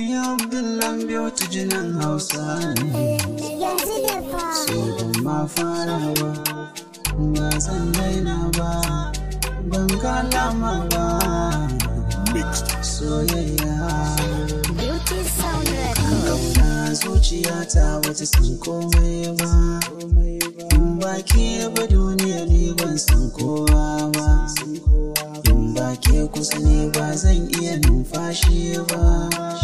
Safiya jinan Hausa ne. ma farawa, ba zan daina ba, ban kalama ba. Soyayya. zuciya ta wata san komai ba. In ba ke ba duniya ne ban san kowa ba. In ba ke kusa ne ba zan iya numfashi ba.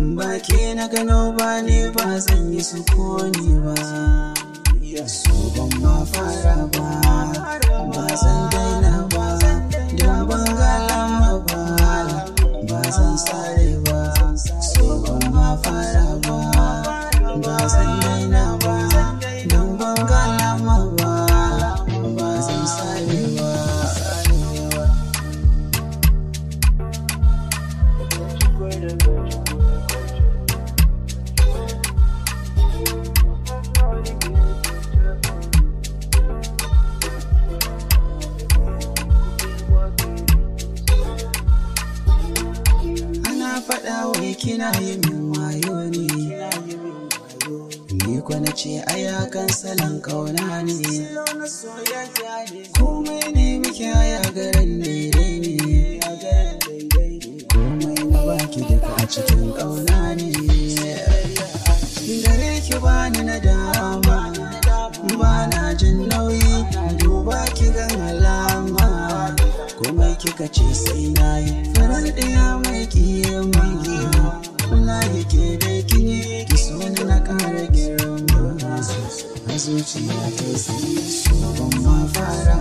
in na gano ba ne ba zan yi su ne ba su ban ma fara ba faɗa wai kina yi min wayo ne ni kwana ce aya kan salon ƙauna ne komai ne muke aya garin daidai ne komai na baki daga a cikin ƙauna ne gare ki bani na dama ba na jin nauyi duba ki gan alama komai kika ce sai na yi farar ɗaya zuciya ta sanya su ban